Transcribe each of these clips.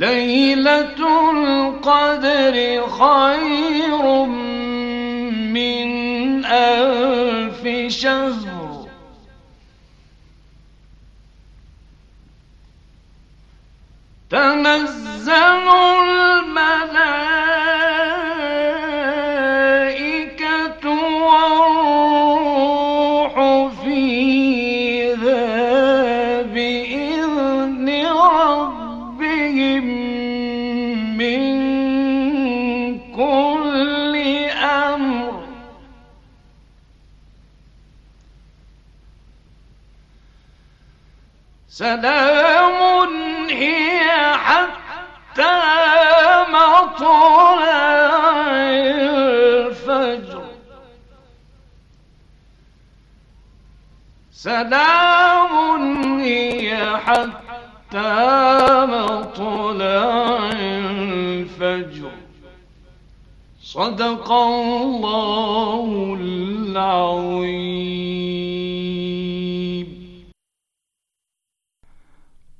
ليلة القدر خير من ألف شهر تنزل سلام هي حتى مطلع الفجر سلام هي حتى مطلع الفجر صدق الله العظيم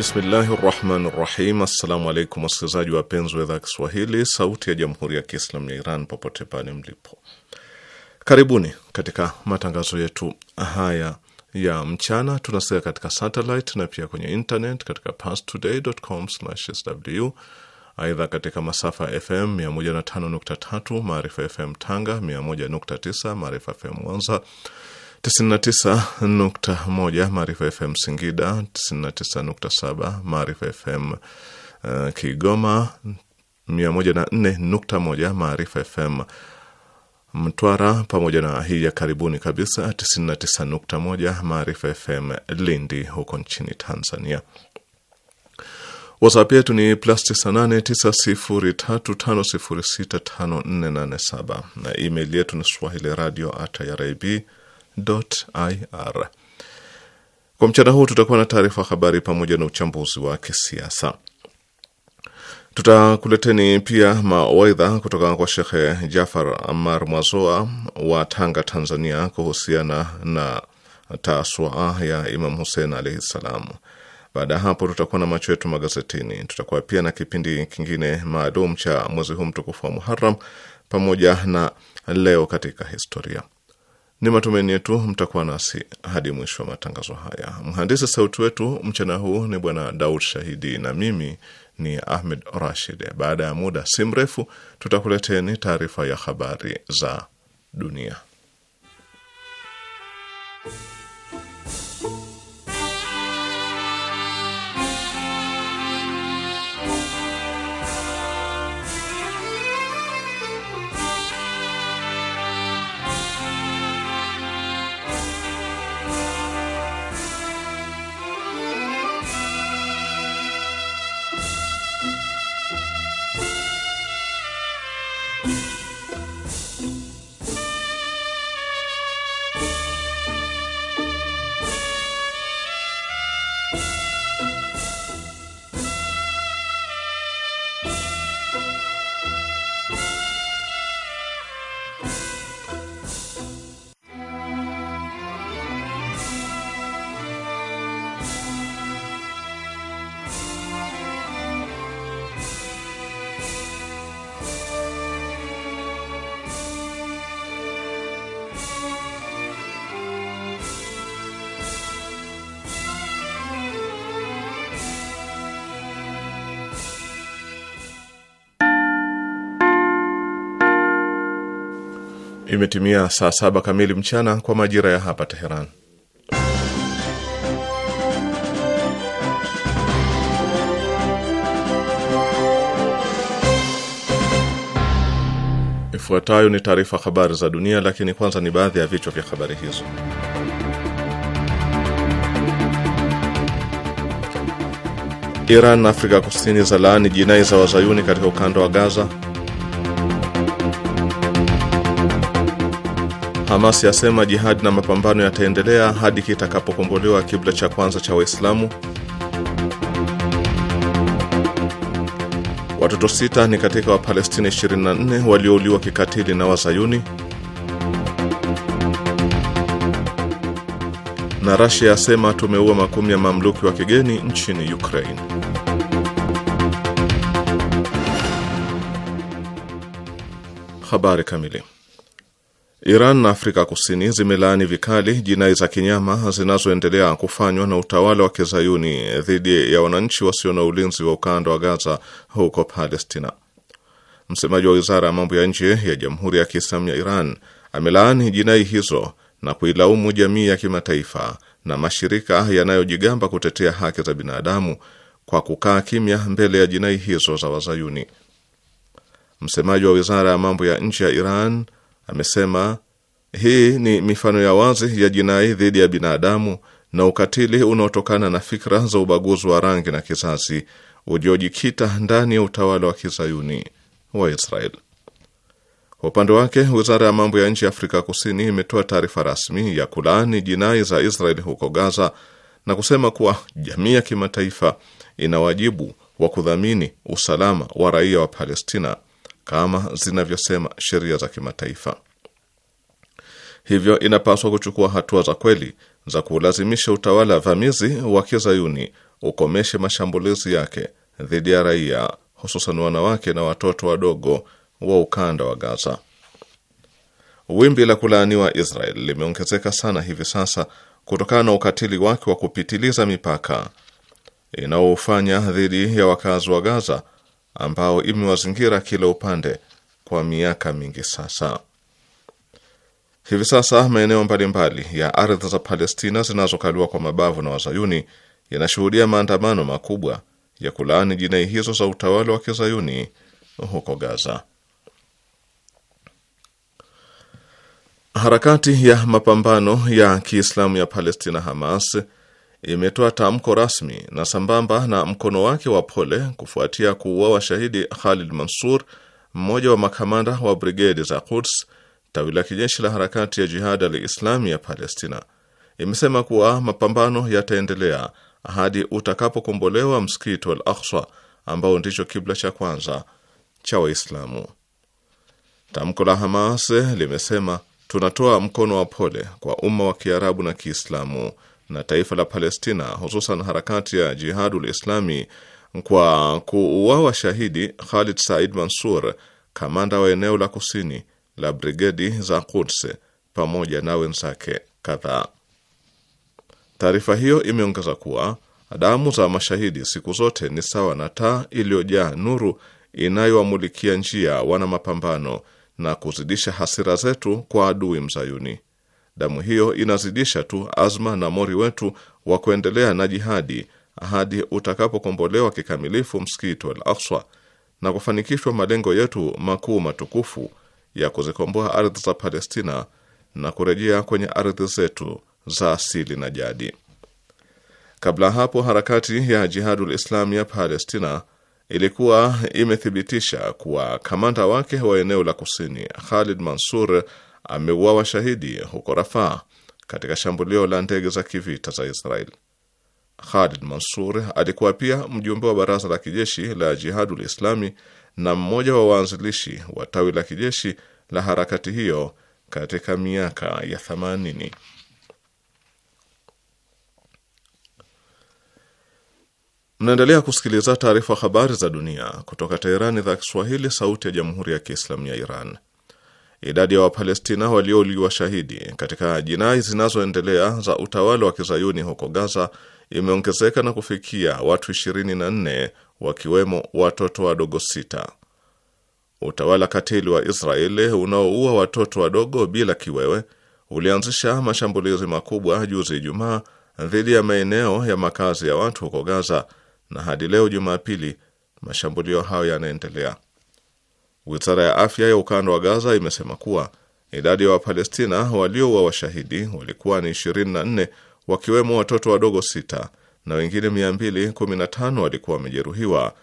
Bismillahi rahmani rahim. Assalamu alaikum wasikilizaji wapenzi wa idhaa ya Kiswahili sauti ya jamhuri ya kiislamu ya Iran popote pale mlipo, karibuni katika matangazo yetu haya ya mchana. Tunasikia katika satellite na pia kwenye internet katika pastodaycom sw Aidha, katika masafa ya FM 105.3 Maarifa FM Tanga, 101.9 Maarifa FM Mwanza 99.1 Maarifa FM Singida, 99.7 Maarifa FM uh, Kigoma, 104.1 Maarifa FM Mtwara, pamoja na hii ya karibuni kabisa 99.1 Maarifa FM Lindi huko nchini Tanzania. WhatsApp yetu ni plus 989035065487 na email yetu ni swahili radio at irib ir. Kwa mchana huu tutakuwa na taarifa habari pamoja na uchambuzi wa kisiasa. Tutakuleteni pia mawaidha kutoka kwa Shekhe Jafar Amar Mwazoa wa Tanga, Tanzania, kuhusiana na taswaa ya Imam Husein alaihi ssalam. Baada ya hapo, tutakuwa na macho yetu magazetini. Tutakuwa pia na kipindi kingine maalum cha mwezi huu mtukufu wa muharam pamoja na leo katika historia. Ni matumaini yetu mtakuwa nasi hadi mwisho wa matangazo haya. Mhandisi sauti wetu mchana huu ni Bwana Daud Shahidi na mimi ni Ahmed Rashid. Baada ya muda si mrefu, tutakuleteni taarifa ya habari za dunia. Imetimia saa saba kamili mchana kwa majira ya hapa Teheran. Ifuatayo ni taarifa habari za dunia, lakini kwanza ni baadhi ya vichwa vya habari hizo. Iran na Afrika Kusini za laani jinai za wazayuni katika ukanda wa Gaza. Hamas yasema jihadi na mapambano yataendelea hadi kitakapokombolewa kibla cha kwanza cha Waislamu. Watoto sita ni katika Wapalestina 24 waliouliwa kikatili na Wazayuni. Na Russia yasema tumeua makumi ya mamluki wa kigeni nchini Ukraine. Habari kamili Iran na Afrika Kusini zimelaani vikali jinai za kinyama zinazoendelea kufanywa na utawala wa kizayuni dhidi ya wananchi wasio na ulinzi wa ukanda wa Gaza huko Palestina. Msemaji wa wizara ya mambo ya nje ya Jamhuri ya Kiislamu ya Iran amelaani jinai hizo na kuilaumu jamii ya kimataifa na mashirika yanayojigamba kutetea haki za binadamu kwa kukaa kimya mbele ya jinai hizo za Wazayuni. Msemaji wa wizara ya mambo ya nje ya Iran Amesema hii ni mifano ya wazi ya jinai dhidi ya binadamu na ukatili unaotokana na fikra za ubaguzi wa rangi na kizazi uliojikita ndani ya utawala wa kizayuni wa Israel. Kwa upande wake, wizara ya mambo ya nchi ya Afrika Kusini imetoa taarifa rasmi ya kulaani jinai za Israel huko Gaza na kusema kuwa jamii ya kimataifa ina wajibu wa kudhamini usalama wa raia wa Palestina kama zinavyosema sheria za kimataifa. Hivyo inapaswa kuchukua hatua za kweli za kuulazimisha utawala vamizi wa kizayuni ukomeshe mashambulizi yake dhidi ya raia, hususan wanawake na watoto wadogo wa ukanda wa Gaza. Wimbi la kulaaniwa Israel limeongezeka sana hivi sasa kutokana na ukatili wake wa kupitiliza mipaka inaoufanya dhidi ya wakazi wa Gaza ambao imewazingira kila upande kwa miaka mingi sasa. Hivi sasa maeneo mbalimbali ya ardhi za Palestina zinazokaliwa kwa mabavu na wazayuni yanashuhudia maandamano makubwa ya kulaani jinai hizo za utawala wa kizayuni huko Gaza. Harakati ya mapambano ya Kiislamu ya Palestina Hamas imetoa tamko rasmi na sambamba na mkono wake wa pole kufuatia kuuawa shahidi Khalid Mansur, mmoja wa makamanda wa brigedi za Quds, tawi la kijeshi la harakati ya Jihad al-Islami ya Palestina, imesema kuwa mapambano yataendelea hadi utakapokombolewa msikiti wal akswa ambao ndicho kibla cha kwanza cha Waislamu. Tamko la Hamas limesema tunatoa mkono wa pole kwa umma wa Kiarabu na Kiislamu na taifa la Palestina, hususan harakati ya Jihadul Islami kwa kuuawa shahidi Khalid Said Mansur, kamanda wa eneo la kusini la brigedi za Quds pamoja na wenzake kadhaa. Taarifa hiyo imeongeza kuwa damu za mashahidi siku zote ni sawa na taa iliyojaa nuru inayowamulikia njia wana mapambano na kuzidisha hasira zetu kwa adui mzayuni. Damu hiyo inazidisha tu azma na mori wetu wa kuendelea na jihadi hadi utakapokombolewa kikamilifu msikiti wa Al-Aqsa na kufanikishwa malengo yetu makuu matukufu ya kuzikomboa ardhi za Palestina na kurejea kwenye ardhi zetu za asili na jadi. Kabla hapo, harakati ya Jihadul Islam ya Palestina ilikuwa imethibitisha kuwa kamanda wake wa eneo la kusini Khalid Mansur ameuawa shahidi huko Rafaa katika shambulio la ndege za kivita za Israel. Khalid Mansur alikuwa pia mjumbe wa baraza la kijeshi la Jihadul Islami na mmoja wa waanzilishi wa tawi la kijeshi la harakati hiyo katika miaka ya 80. Mnaendelea kusikiliza taarifa habari za dunia kutoka Teherani za Kiswahili, sauti ya Jamhuri ya Kiislamu ya Iran idadi ya Wapalestina waliouliwa shahidi katika jinai zinazoendelea za utawala wa kizayuni huko Gaza imeongezeka na kufikia watu 24 wakiwemo watoto wadogo sita. Utawala katili wa Israeli unaoua watoto wadogo bila kiwewe ulianzisha mashambulizi makubwa juzi Ijumaa dhidi ya maeneo ya makazi ya watu huko Gaza na hadi leo Jumapili mashambulio hayo yanaendelea. Wizara ya afya ya ukanda wa Gaza imesema kuwa idadi ya Wapalestina walioua washahidi walikuwa ni 24 wakiwemo watoto wadogo sita na wengine 215 walikuwa wamejeruhiwa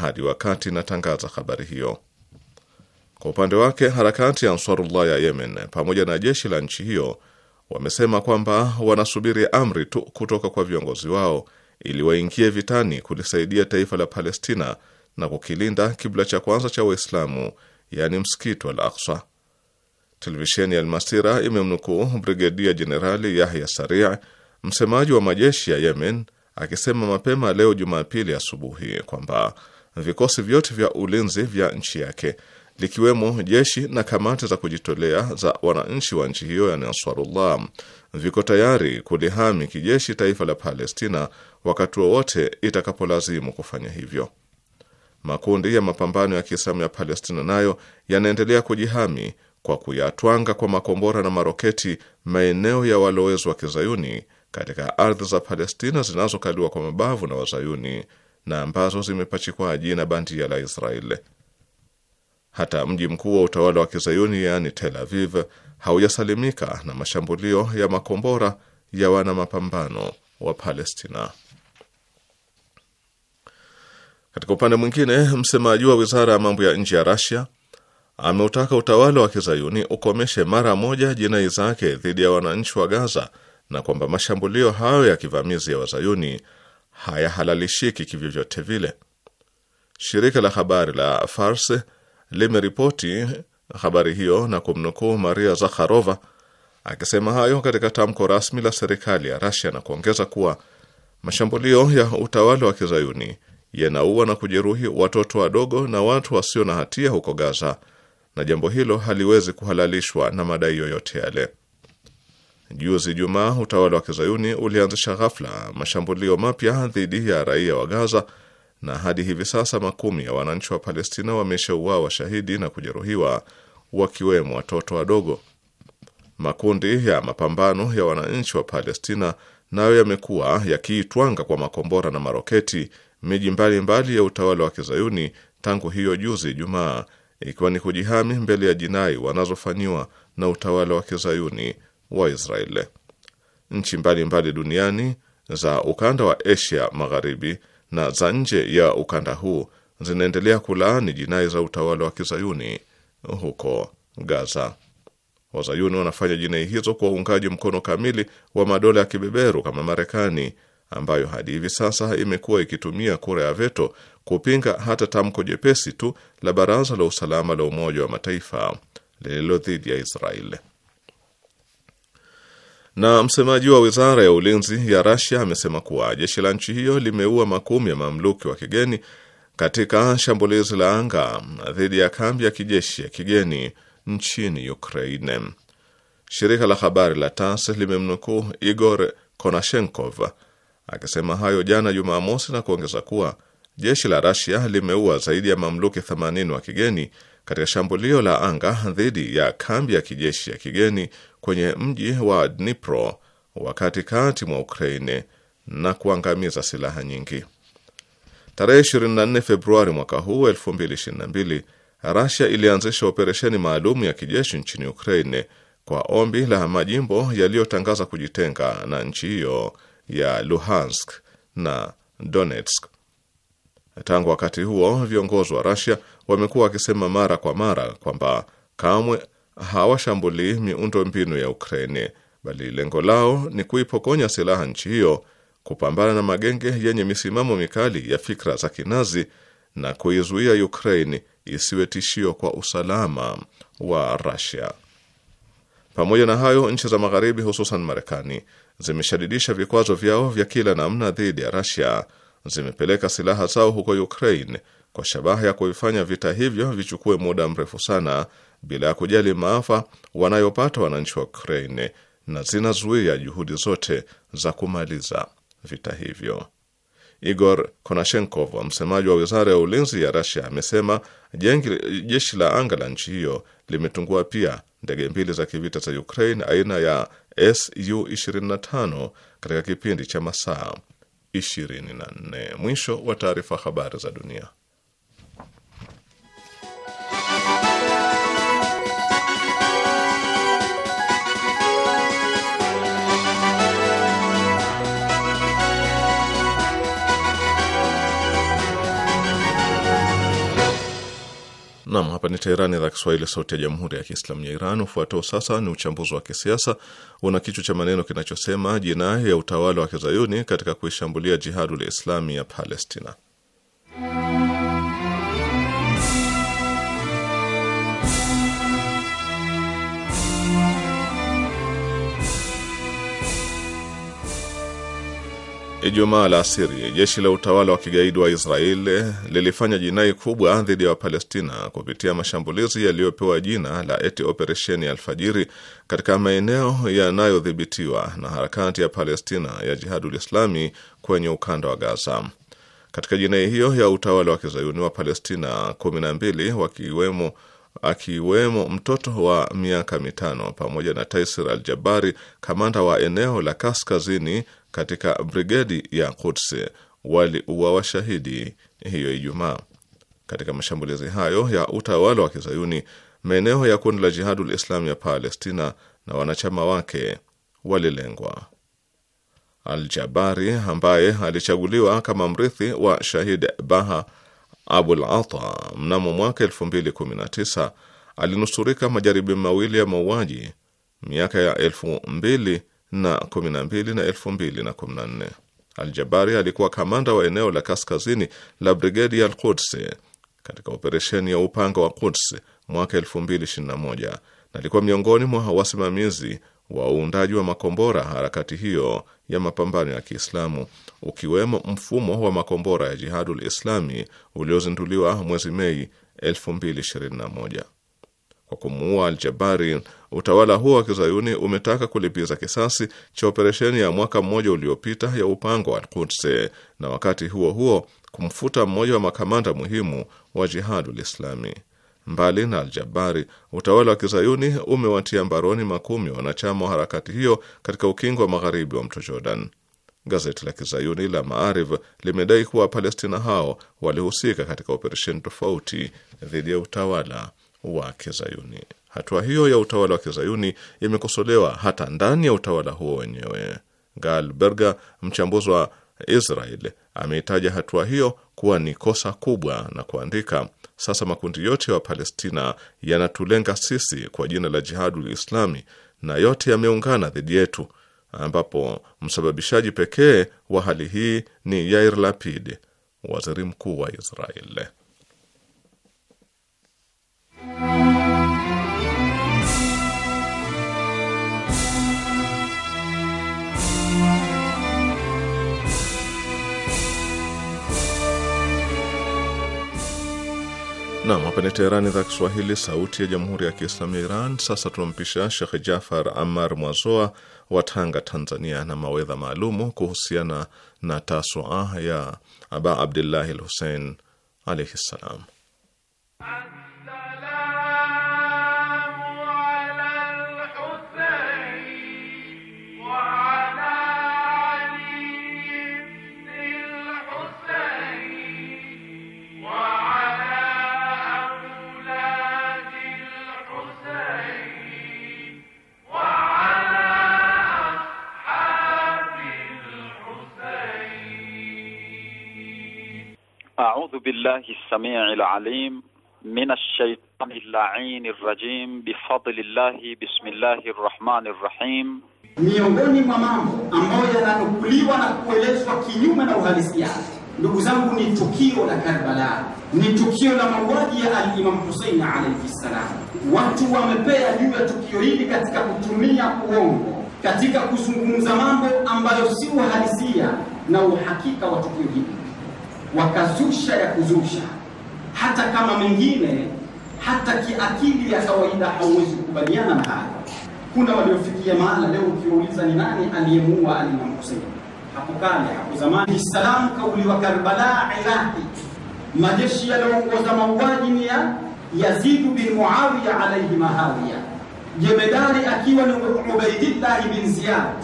hadi wakati natangaza habari hiyo. Kwa upande wake, harakati ya Ansarullah ya Yemen pamoja na jeshi la nchi hiyo wamesema kwamba wanasubiri amri tu kutoka kwa viongozi wao ili waingie vitani kulisaidia taifa la Palestina na kukilinda kibla cha kwanza cha Waislamu, yani msikiti wa Al-Aqsa. Televisheni ya Almasira imemnukuu Brigedia Jenerali Yahya Saria, msemaji wa majeshi ya Yemen, akisema mapema leo Jumapili asubuhi kwamba vikosi vyote vya ulinzi vya nchi yake likiwemo jeshi na kamati za kujitolea za wananchi wa nchi hiyo ya Ansarullah viko tayari kulihami kijeshi taifa la Palestina wakati wowote itakapolazimu kufanya hivyo. Makundi ya mapambano ya Kiislamu ya Palestina nayo yanaendelea kujihami kwa kuyatwanga kwa makombora na maroketi maeneo ya walowezi wa Kizayuni katika ardhi za Palestina zinazokaliwa kwa mabavu na Wazayuni na ambazo zimepachikwa jina bandia la Israeli. Hata mji mkuu wa utawala wa Kizayuni yaani Tel Aviv haujasalimika na mashambulio ya makombora ya wana mapambano wa Palestina. Katika upande mwingine, msemaji wa wizara ya mambo ya nje ya Rasia ameutaka utawala wa kizayuni ukomeshe mara moja jinai zake dhidi ya wananchi wa Gaza na kwamba mashambulio hayo ya kivamizi ya wazayuni hayahalalishiki kivyovyote vile. Shirika la habari la Fars limeripoti habari hiyo na kumnukuu Maria Zakharova akisema hayo katika tamko rasmi la serikali ya Rasia na kuongeza kuwa mashambulio ya utawala wa kizayuni yanaua na kujeruhi watoto wadogo na watu wasio na hatia huko Gaza, na jambo hilo haliwezi kuhalalishwa na madai yoyote yale. Juzi Jumaa, utawala wa kizayuni ulianzisha ghafla mashambulio mapya dhidi ya raia wa Gaza, na hadi hivi sasa makumi ya wananchi wa Palestina wameshauawa shahidi na kujeruhiwa, wakiwemo watoto wadogo. Makundi ya mapambano ya wananchi wa Palestina nayo yamekuwa yakiitwanga kwa makombora na maroketi miji mbalimbali ya utawala wa kizayuni tangu hiyo juzi jumaa ikiwa ni kujihami mbele ya jinai wanazofanyiwa na utawala wa kizayuni wa Israeli. Nchi mbalimbali duniani za ukanda wa Asia Magharibi na za nje ya ukanda huu zinaendelea kulaani jinai za utawala wa kizayuni huko Gaza. Wazayuni wanafanya jinai hizo kwa uungaji mkono kamili wa madola ya kibeberu kama Marekani, ambayo hadi hivi sasa imekuwa ikitumia kura ya veto kupinga hata tamko jepesi tu la Baraza la Usalama la Umoja wa Mataifa lililo dhidi ya Israeli. Na msemaji wa wizara ya ulinzi ya Rasia amesema kuwa jeshi la nchi hiyo limeua makumi ya mamluki wa kigeni katika shambulizi la anga dhidi ya kambi ya kijeshi ya kigeni nchini Ukraine. Shirika la habari la TASS limemnukuu Igor Konashenkov akisema hayo jana Jumamosi na kuongeza kuwa jeshi la Rasia limeua zaidi ya mamluki 80 wa kigeni katika shambulio la anga dhidi ya kambi ya kijeshi ya kigeni kwenye mji wa Dnipro wa katikati mwa Ukraine na kuangamiza silaha nyingi. Tarehe 24 Februari mwaka huu 2022, Rasia ilianzisha operesheni maalum ya kijeshi nchini Ukraine kwa ombi la majimbo yaliyotangaza kujitenga na nchi hiyo ya Luhansk na Donetsk. Tangu wakati huo viongozi wa Russia wamekuwa wakisema mara kwa mara kwamba kamwe hawashambulii miundo mbinu ya Ukraine, bali lengo lao ni kuipokonya silaha nchi hiyo, kupambana na magenge yenye misimamo mikali ya fikra za kinazi na kuizuia Ukraine isiwe tishio kwa usalama wa Russia. Pamoja na hayo, nchi za Magharibi hususan Marekani zimeshadidisha vikwazo vyao vya kila namna dhidi ya Russia, zimepeleka silaha zao huko Ukraine kwa shabaha ya kuvifanya vita hivyo vichukue muda mrefu sana bila ya kujali maafa wanayopata wananchi wa Ukraine na zinazuia juhudi zote za kumaliza vita hivyo. Igor Konashenkov, msemaji wa wizara ya ulinzi ya Rasia, amesema jeshi la anga la nchi hiyo limetungua pia ndege mbili za kivita za Ukraine aina ya Su-25 katika kipindi cha masaa 24. Mwisho wa taarifa. Habari za dunia. Nam, hapa ni Teherani, idhaa Kiswahili, sauti ya jamhuri ya kiislamu ya Iran. Ufuatao sasa ni uchambuzi wa kisiasa, una kichwa cha maneno kinachosema jinai ya utawala wa kizayuni katika kuishambulia jihadu la Islami ya Palestina. Ijumaa la asiri jeshi la utawala wa kigaidi wa Israeli lilifanya jinai kubwa dhidi ya Wapalestina kupitia mashambulizi yaliyopewa jina la eti operesheni ya alfajiri katika maeneo yanayodhibitiwa na harakati ya Palestina ya Jihadul Islami kwenye ukanda wa Gaza. Katika jinai hiyo ya utawala wa kizayuni wa Palestina 12 wakiwemo akiwemo mtoto wa miaka mitano pamoja na Taisir Al Jabari, kamanda wa eneo la kaskazini katika brigedi ya Quds waliua washahidi hiyo Ijumaa. Katika mashambulizi hayo ya utawala wa Kizayuni, maeneo ya kundi la Jihadul Islam ya Palestina na wanachama wake walilengwa. al-jabari ambaye alichaguliwa kama mrithi wa shahid Baha Abul Ata mnamo mwaka 2019 alinusurika majaribio mawili ya mauaji miaka ya elfu mbili na kumi na mbili na elfu mbili na kumi na nne. Aljabari alikuwa kamanda wa eneo la kaskazini la brigedi ya Alquds katika operesheni ya upanga wa Quds mwaka 221 na alikuwa miongoni mwa wasimamizi wa uundaji wa makombora harakati hiyo ya mapambano ya Kiislamu, ukiwemo mfumo wa makombora ya Jihadul Islami uliozinduliwa mwezi Mei 221 kwa kumuua Aljabari, utawala huo wa kizayuni umetaka kulipiza kisasi cha operesheni ya mwaka mmoja uliopita ya upango wa Al-Quds na wakati huo huo kumfuta mmoja wa makamanda muhimu wa Jihadul Islami. Mbali na Aljabari, utawala wa kizayuni umewatia mbaroni makumi wanachama wa harakati hiyo katika ukingo wa magharibi wa mto Jordan. Gazeti la kizayuni la Maarif limedai kuwa Wapalestina hao walihusika katika operesheni tofauti dhidi ya utawala wa Kizayuni. Hatua hiyo ya utawala wa Kizayuni imekosolewa hata ndani ya utawala huo wenyewe. Gal Berger, mchambuzi wa Israel, ameitaja hatua hiyo kuwa ni kosa kubwa na kuandika, sasa makundi yote ya Palestina yanatulenga sisi kwa jina la Jihadul Islami na yote yameungana dhidi yetu, ambapo msababishaji pekee wa hali hii ni Yair Lapid, waziri mkuu wa Israel. Nam, hapa ni Teherani, idhaa Kiswahili, sauti ya jamhuri ya kiislamu ya Iran. Sasa tunampisha Shekh Jafar Amar Mwazoa wa Tanga, Tanzania, na mawedha maalumu kuhusiana na taswa ya Aba Abdillahi lhusein Husein alaihi ssalam. أعوذ بالله السميع العليم من الشيطان اللعين الرجيم بفضل الله بسم الله الرحمن الرحيم miongoni mwa mambo ambayo yananukuliwa na kuelezwa kinyume na uhalisia ndugu zangu ni tukio la Karbala, ni tukio la mauaji ya al-Imam Hussein alayhi salam. Watu wamepea juu ya tukio hili katika kutumia uongo, katika kuzungumza mambo ambayo si uhalisia na uhakika wa tukio hili wakazusha ya kuzusha, hata kama mengine hata kiakili ya kawaida hauwezi kukubaliana na hayo. Kuna waliofikia mahala leo ukiuliza ni nani aliyemuua Ali Imam Hussein, hapo kale, hapo zamani, salam kauli wa Karbala, Iraqi, majeshi yalioongoza mauaji ni ya Yazid bin Muawiya alayhi mahawiya, jemedari akiwa ni Ubaidillah bin Ziyad,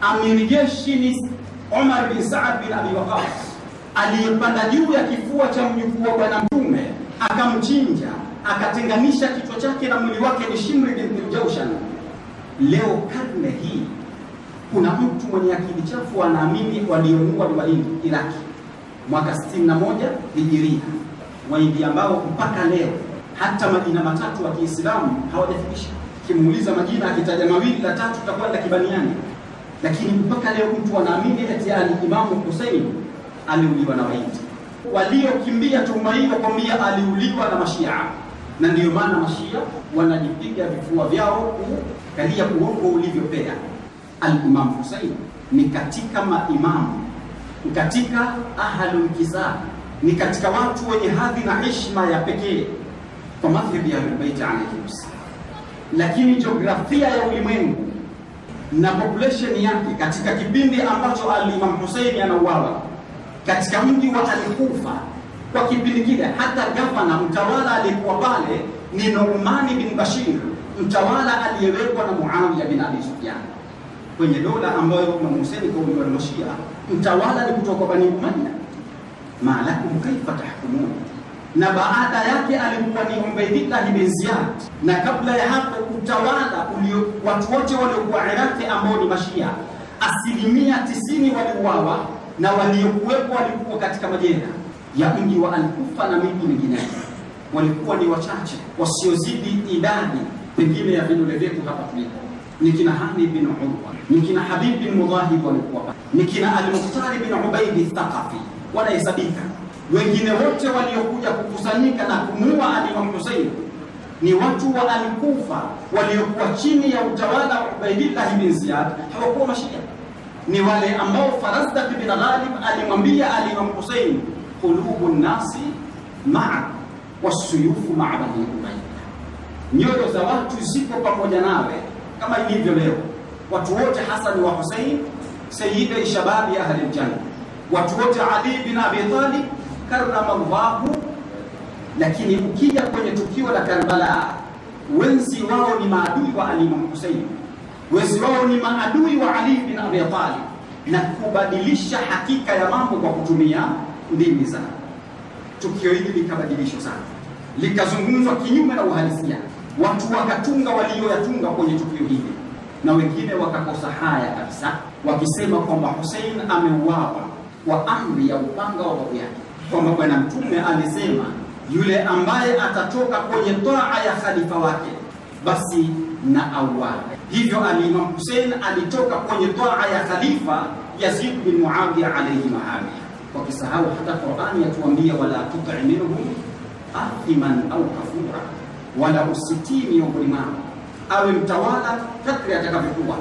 amiri jeshi ni Umar bin Saad bin Abi Waqas aliyepanda juu ya kifua cha mjukuu wa Bwana Mtume akamchinja akatenganisha kichwa chake na mwili wake ni Shimri bin Jaushan. Leo karne hii kuna mtu mwenye akili chafu anaamini waliomuua ni Walindi Iraki mwaka 61 Hijiria, waidi ambao mpaka leo hata majina matatu wa Kiislamu hawajafikisha. Kimuuliza majina akitaja mawili la tatu tutakwenda kibaniani, lakini mpaka leo mtu anaamini eti Alimamu Hussein aliuliwa na Wahindi. waliokimbia tuhuma hii wakwambia aliuliwa na Mashia, na ndiyo maana Mashia wanajipiga vifua vyao kukalia uongo ulivyopea. Al-Imam ni katika maimamu, ni katika ahlul ni katika watu wenye hadhi na heshima ya pekee kwa madhhabi ya Ahlulbeiti alaihim salam, lakini jiografia ya ulimwengu na population yake katika kipindi ambacho Al-Imam Hussein anauawa katika mji wa Alkufa kwa kipindi kile. Hata gavana mtawala aliyekuwa pale ni Nu'mani bin Bashir, mtawala aliyewekwa na Muawiya bin Abi Sufyan kwenye dola ambayo Imam Hussein kwa uongozi wa Mashia mtawala ni kutoka Bani Umayya. Malakum kaifa tahkumun, na baada yake alikuwa ni Ubaydillah bin Ziyad, na kabla ya hapo utawala ulio watu wote waliokuwa Iraq ambao ni Mashia asilimia tisini waliuawa na waliokuwepo walikuwa katika majela ya mji wa Alkufa na miji mingine, walikuwa ni wachache wasiozidi idadi pengine ya vidole vyetu hapa tulipo. Ni kina Hani bin Urwa, ni kina Habib bin Mudhahib walikuwa pale, ni kina Almuhtari bin Ubaidi Thaqafi wanahesabika. Wengine wote waliokuja kukusanyika na kumua Alimamu Husein ni watu wa Alkufa waliokuwa chini ya utawala wa Ubaidillah bin Ziyad, hawakuwa mashia ni wale ambao Farazdak bin Ghalib alimwambia Ali ibn Hussein, qulubu nasi ma'a wasuyufu ma'a bani Umayya, nyoyo za watu zipo pamoja nawe kama ilivyo leo. Watu wote Hasan wa Hussein sayyidi shababi ahli aljanna, watu wote Ali bin Abi Talib karrama Allahu. Lakini ukija kwenye tukio la Karbala, wenzi wao ni maadui wa Ali ibn Hussein wezi wao ni maadui wa Ali bin Abi Talib na kubadilisha hakika ya mambo kwa kutumia ndimi zao. Tukio hili likabadilishwa sana, likazungumzwa kinyume na uhalisia, watu wakatunga walioyatunga kwenye tukio hili, na wengine wakakosa haya kabisa, wakisema kwamba Hussein ameuawa kwa amri ya upanga wa babu yake, kwamba Bwana Mtume alisema yule ambaye atatoka kwenye toa ya khalifa wake basi na auawe. Hivyo Alimam imam Hussein alitoka kwenye taa ya khalifa Yazid bin Muawiya alayhi kwa wakisahau hata Qur'ani yatuambia wala tuti minhum athiman au kafura, wala usitii miongoni mwao awe mtawala kadri atakavyokuwa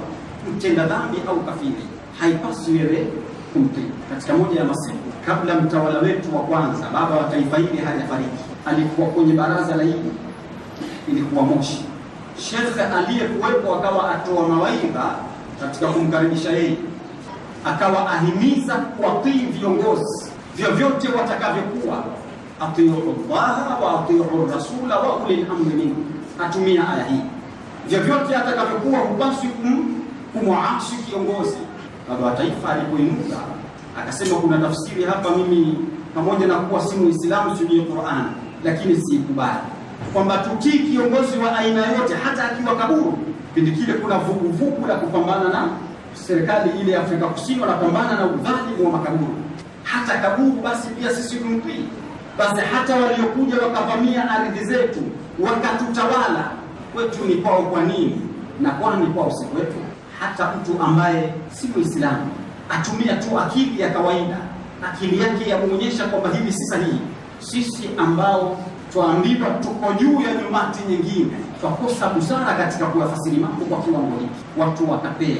mtenda dhambi au kafiri, haipaswi wewe kumtii. Katika moja ya masiku kabla mtawala wetu wa kwanza, baba wa taifa hili hajafariki, alikuwa kwenye baraza la hili, ilikuwa Moshi shekhe aliyekuwepo akawa atoa mawaidha katika kumkaribisha yeye, akawa ahimiza kuwatii viongozi vyovyote watakavyokuwa, atiu llaha wa atiu rasula wa ulil amri minkum. Atumia aya hii, vyovyote atakavyokuwa hupaswi kumwasi kiongozi. Baba wa Taifa alipoinuka akasema, kuna tafsiri hapa, mimi pamoja na kuwa si Muislamu sijui Qur'an, lakini siikubali kwamba tutii kiongozi wa aina yote, hata akiwa kaburu. Kipindi kile kuna vuguvugu la kupambana na serikali ile ya Afrika Kusini, wanapambana na udhalimu wa makaburu. Hata kaburu basi pia sisi tumtii. Basi hata waliokuja wakavamia ardhi zetu wakatutawala, kwetu ni kwao kwa nini? Na kwani kwao si kwetu? Hata mtu ambaye si Muislamu atumia tu akili ya kawaida, akili yake kuonyesha kwamba hivi si sahihi. Sisi ambao twaambiwa tuko juu ya nyumati nyingine, twakosa busara katika kuyafasiri mambo kwa kiwango hiki. Watu wakapea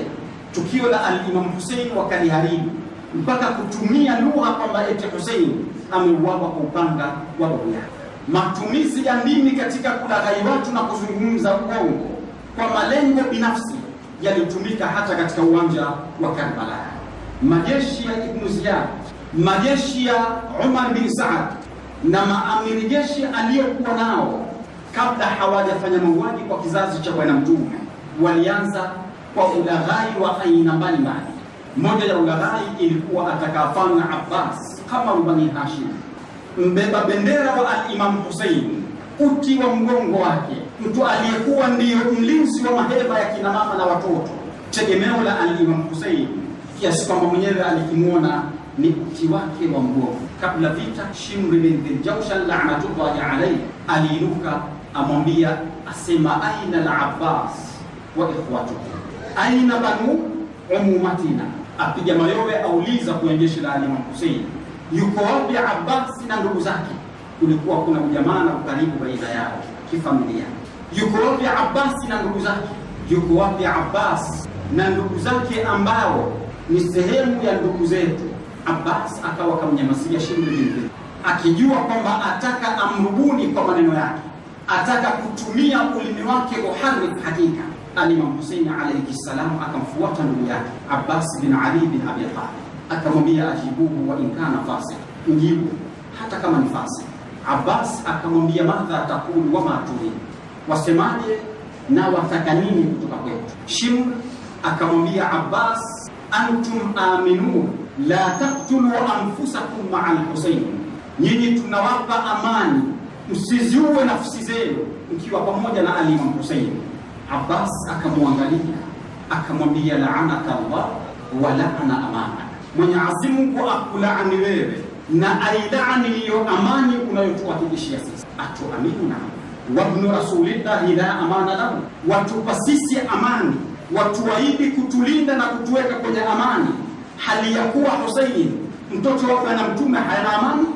tukio la alimamu Husein wakaliharibu mpaka kutumia lugha kwamba eti Husein ameuawa kwa upanga wa babu yake. Matumizi ya ndimi katika kulaghai watu na kuzungumza uongo kwa malengo binafsi yalitumika hata katika uwanja wa Karbala. Majeshi ya Ibnu Ziyad, majeshi ya Umar bin Saad na maamiri jeshi aliyokuwa nao kabla hawajafanya mauaji kwa kizazi cha Bwana Mtume, walianza kwa ulaghai wa aina mbalimbali. Moja ya ulaghai ilikuwa atakafana Abbas kama Bani Hashim, mbeba bendera wa alimamu imam Hussein, uti wa mgongo wake, mtu aliyekuwa ndiyo mlinzi wa maheba ya kina mama na watoto, tegemeo la alimamu imam Hussein, kiasi kwamba mwenyewe alikimwona ni mti wake wa mgovu. Kabla vita, Shimri bin Jaushan laanatullahi alayhi aliinuka amwambia, asema aina al-Abbas wa ikhwatuhu aina banu umumatina, apiga mayowe auliza kwenye jeshi la Imam Hussein, yuko wapi Abbas na ndugu zake? Kulikuwa kuna ujamaa na ukaribu baina yao kifamilia. Yuko wapi Abbas na ndugu zake? Yuko wapi Abbas na ndugu zake ambao ni sehemu ya ndugu zetu Abbas akawa kamnyamasia Shimri akijua kwamba ataka amrubuni kwa maneno yake, ataka kutumia ulimi wake uharib hakika. Al-Imam Hussein alayhi salam akamfuata ndugu yake Abbas bin Ali bin Abi Talib, akamwambia ajibuhu wa in kana fasik, mjibu hata kama ni fasik. Abbas akamwambia madha takulu wa maturi, wasemaje na wataka nini kutoka kwetu? Shimr akamwambia Abbas, antum aminun la taktulu anfusakum maa lhusein, nyinyi tunawapa amani, msiziue nafsi zenu mkiwa pamoja na alimamu Husein. Abbas akamwangalia akamwambia, laanaka Allah wa laana amanak, Mwenyezi Mungu akulaani wewe na ailaani hiyo amani unayotuhakikishia sisi. atuaminuna na wabnu rasulillahi la amana lahu, watupa sisi amani, watuahidi kutulinda na kutuweka kwenye amani hali ya kuwa Husaini mtoto wa bwana mtume hayana amani.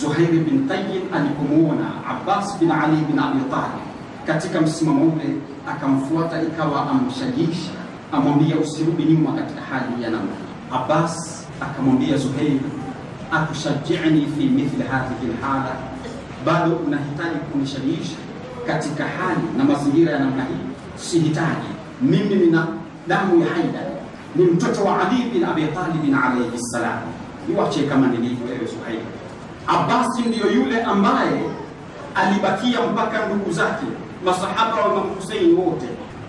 Zuhair bin Tayyib alipomuona Abbas bin Ali bin Abi Talib katika msimamo ule, akamfuata ikawa amshajiisha, amwambia usirudi nyuma katika hali ya namna. Abbas akamwambia Zuhair, akushajiani fi mithli hadhihi lhala, bado unahitaji kunishajisha katika hali na mazingira ya namna hii? Sihitaji, mimi nina damu ya haida ni mtoto wa Ali bin Abi Talib alayhi salam. Niwache kama nilivyo wewe Suhaili. Abasi ndiyo yule ambaye alibakia mpaka ndugu zake masahaba wa Imam Hussein wote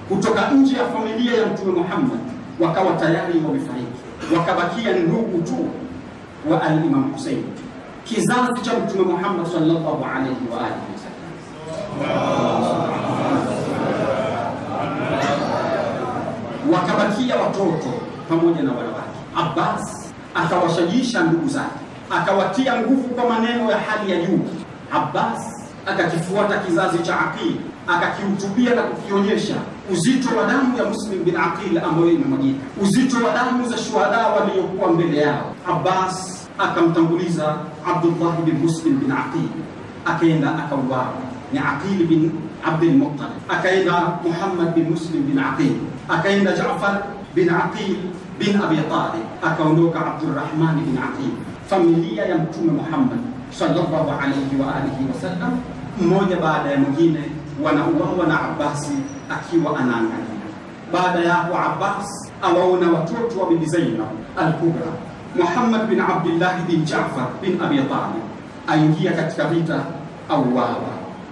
kutoka nje ya familia ya Mtume Muhammad wakawa tayari wamefariki, wakabakia ndugu tu wa al-Imam Hussein, kizazi cha Mtume Muhammad sallallahu alayhi wa alihi wasallam. wakabakia watoto pamoja na wanawake. Abbas akawashajisha ndugu zake, akawatia nguvu kwa maneno ya hali ya juu. Abbas akakifuata kizazi cha Aqil, akakihutubia na kukionyesha uzito wa damu ya Muslim bin Aqil ambayo imemwagika, uzito wa damu za shuhada waliokuwa mbele yao. Abbas akamtanguliza Abdullah bin Muslim bin Aqil, akaenda akauawa. Ni Aqil bin Abdul Muttalib, akaenda Muhammad bin Muslim bin Aqil akaenda Jaafar bin Aqil bin Abi Talib, akaondoka Abdurrahman bin Aqil. Familia ya Mtume Muhammad sallallahu alayhi wa alihi wasallam, mmoja baada ya mwingine wanauawa na Abbasi akiwa anaangalia. Baada ya hapo, Abbas awaona watoto wa Bibi Zainab al-Kubra, Muhammad bin Abdullah bin Jaafar bin Abi Talib aingia katika vita, auawa.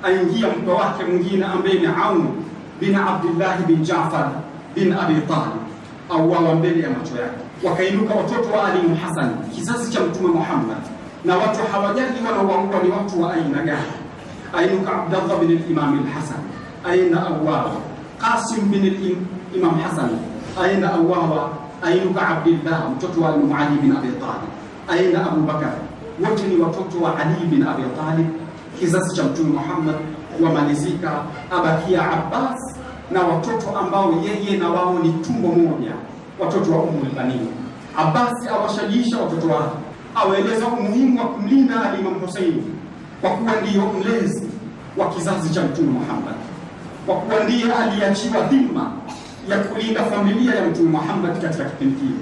Aingia mtoto wake mwingine ambaye ni Aun bin Abdullah bin Jaafar bin Abi Talib auawa mbele ya macho yake. Wakainuka watoto wa Ali Hassan, kizazi cha Mtume Muhammad, na watu hawajali wanaowaua ni watu wa aina gani. Ainuka Abdallah bin al-Imam al-Hasan aina auawa, Qasim bin al-Imam Hasan aina auawa, ainuka Abdillah mtoto wa Ali bin Abi Talib aina Abu Bakar, wote ni watoto wa Ali bin Abi Talib, kizazi cha Mtume Muhammad. Wamalizika abakia Abbas na watoto ambao yeye na wao ni tumbo moja, watoto wa Ummul Banin. Abasi awashajiisha watoto wake, awaeleza umuhimu wa kumlinda Alimamu Huseini kwa kuwa ndiyo mlezi wa kizazi cha Mtume Muhammad, kwa kuwa ndiye aliyeachiwa dhima ya kulinda familia ya Mtume Muhammad katika kipindi kile,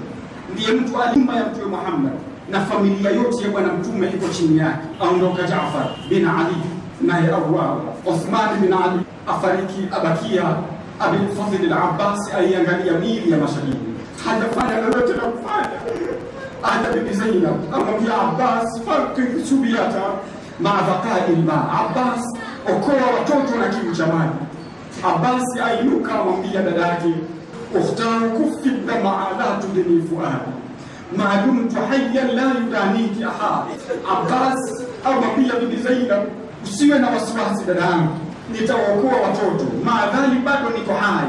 ndiye mtu alimba ya Mtume Muhammad na familia yote ya Bwana Mtume iko chini yake. Aondoka Jaafar bin Ali naye auawa, Uthman bin Ali afariki abakia Abdul labasi aiangalia mili ya mashahidi, hajafanya lolote la kufanya. Hata Bibi Zainab amwambia Abbas, fakir subiata maadhakai lma, Abbas okoa watoto na kiu cha maji. abasi ainuka amwambia dada yake, ukhtaru kufi dama la tudni fuadi madumtu haya la yudaniki ahadi Abbas amwambia Bibi Zainab, usiwe na wasiwasi dada yangu nitawaokoa watoto, maadhali bado niko hai,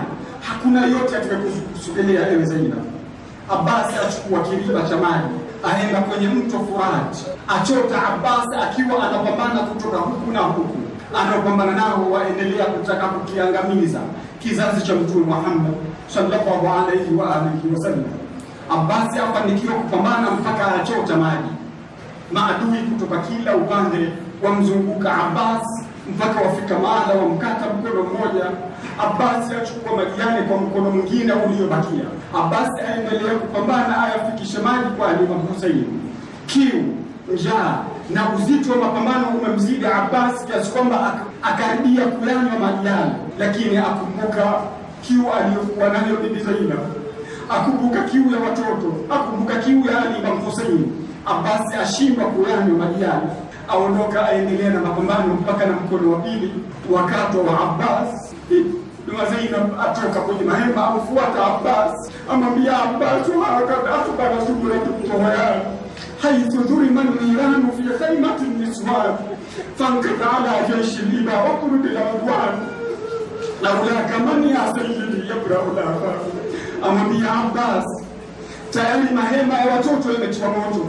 hakuna yote atakayekusogelea ewe Zainab. Abbas achukua kiriba cha maji aenda kwenye mto Furati, achota. Abbas akiwa anapambana kutoka huku na huku, anapambana nao, waendelea kutaka kukiangamiza kizazi cha Mtume Muhammad salllahu alaihi wa alihi wasallam. Abbas afanikiwa kupambana mpaka achota maji, maadui kutoka kila upande wamzunguka Abbas mpaka wafika mahala wamkata mkono mmoja. Abasi achukua majani kwa mkono mwingine uliobakia. Abasi aendelea kupambana ayafikishe maji kwa Imam Husein. Kiu, njaa na uzito wa mapambano umemzidi abasi kiasi kwamba akaribia kulanywa maji yale, lakini akumbuka kiu aliyokuwa nayo Bibi zaina akumbuka kiu ya watoto, akumbuka kiu ya Ali Imam Husein. abasi ashindwa kulanywa maji yale aondoka aendelea na mapambano mpaka na mkono wa pili wakatwa wa Abbas. Zainab atoka kwenye mahema amfuata Abbas, amwambia Abbas wakad akhbara subratutohaya haithu dhurima niranu fi khaimati niswan fankad ala jaishi liba wakurud laudwan laulaka man ya sayidi yabrau lafa, amwambia Abbas, tayari mahema ya watoto yametiwa moto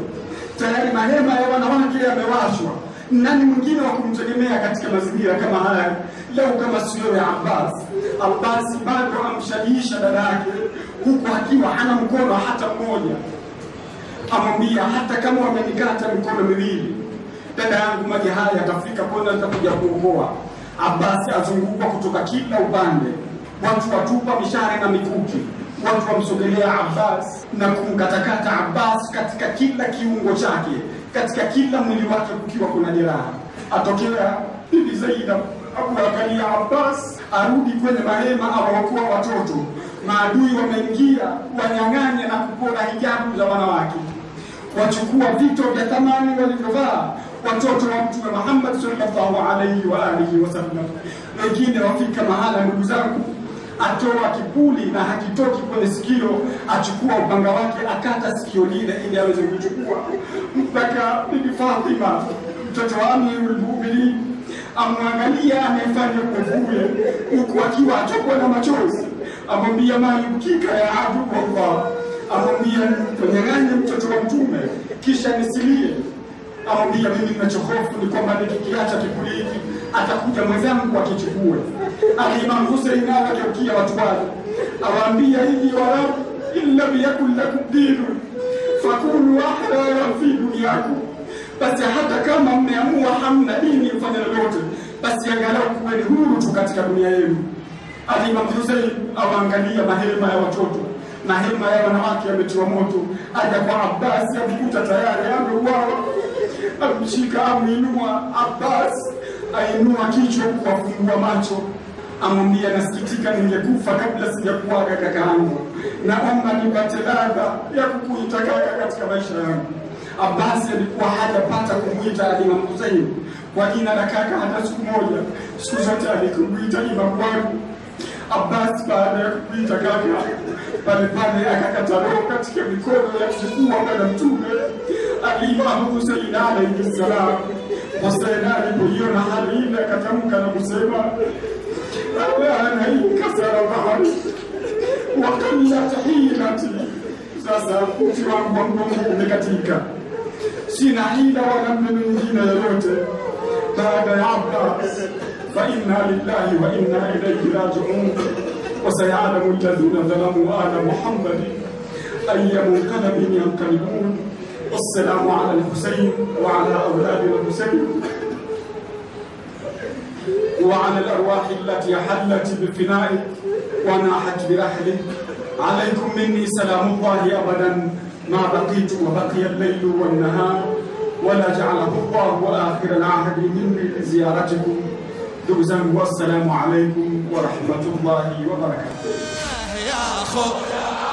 tayari mahema ya wanawake yamewashwa. Nani mwingine wa kumtegemea katika mazingira kama haya? Leo kama sio ya Abbas. Abbas bado amshajiisha dada yake, huku akiwa hana mkono hata mmoja. Amwambia, hata kama wamenikata mikono miwili, dada yangu, maji haya yatafika kona, nitakuja kuokoa. abasi azungukwa kutoka kila upande, watu watupa mishare na mikuki, watu wamsogelea Abbas na kumkatakata Abbas katika kila kiungo chake, katika kila mwili wake kukiwa kuna jeraha. Atokea Bibi Zainab amwangalia Abbas, arudi kwenye mahema, awaokoa watoto. Maadui wameingia, wanyang'anya na kupora hijabu za wanawake, wachukua vito vya thamani walivyovaa watoto wa Mtume Muhammad sallallahu alaihi wa alihi wasallam. Wengine wafika mahala, ndugu zangu atoa kipuli na hakitoki kwenye sikio, achukua upanga wake akata sikio lile ili aweze kuchukua. Mpaka Bibi Fatima mtoto wa Amirul Mu'minin amwangalia anayefanya kuvue huku akiwa atokwa na machozi, amwambia mayubkika ya aduka Allah, amwambia kanyang'anye mtoto wa Mtume kisha nisilie, amwambia mimi ninachohofu ni kwamba nikikiacha kipuli hiki atakuja mwenzangu akichukue. Al-Imam akageukia watu wale, awaambia hivi, walaw in lam yakun lakum dinu fakunu ahrara fi dunyakum, basi hata kama mmeamua hamna dini mfanya lolote, basi angalau kuweni huru tu katika dunia yenu. al awaangalia mahema ya watoto mahema ya wanawake yametiwa moto. Aja kwa Abbas amkuta tayari ameuawa, amshika amwinua Abbas ainua kichwa huku macho, amwambia nasikitika, ningekufa kabla sijakuaga kaka yangu. Naomba nipate ladha ya kukuita kaka katika maisha yangu. Abasi alikuwa hajapata kumwita Imam Hussein kwa jina la kaka hata siku moja. Siku zote alikumwita Imam kwangu Abbas baada ya kukuita kaka palepale akakataroo katika mikono ya mjukuu wa Mtume Ali Imam Hussein alayhi salam. Wasaenari kuiona hali ile akatamka na kusema awe anainkasara bahari wakamilata hilati. Sasa uti wangu wa mgongo umekatika, sina hila wala mneno nyingine yoyote baada ya Abbas, fa inna lillahi wa inna ilaihi rajiun, wasayalamu alladhina dhalamu ala Muhammadin ayyamun qalbin yanqalibun السلام على الحسين وعلى أولاد الحسين وعلى الأرواح التي حلت بفنائك وناحت بأهلك عليكم مني سلام الله أبدا ما بقيت وبقي الليل والنهار ولا جعله الله آخر العهد مني لزيارتكم دوزا والسلام عليكم ورحمة الله وبركاته يا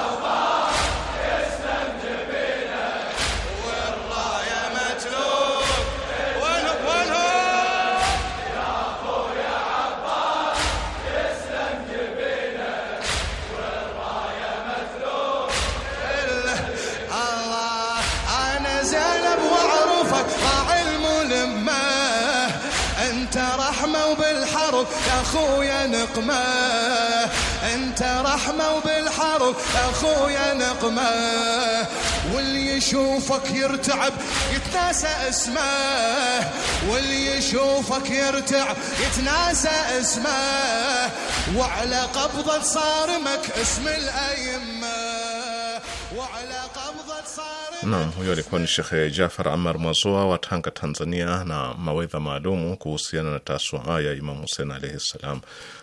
نقمة انت رحمة وبالحرب اخويا نقمة واللي يشوفك يرتعب يتناسى اسمه واللي يشوفك يرتعب يتناسى اسمه وعلى قبضة صارمك اسم الأيمة Naam, huyo alikuwa ni Shekhe Jafar Amar mwazoa wa Tanga, Tanzania, na mawedha maalumu kuhusiana na taswaa ya Imam Husen alaihi ssalam.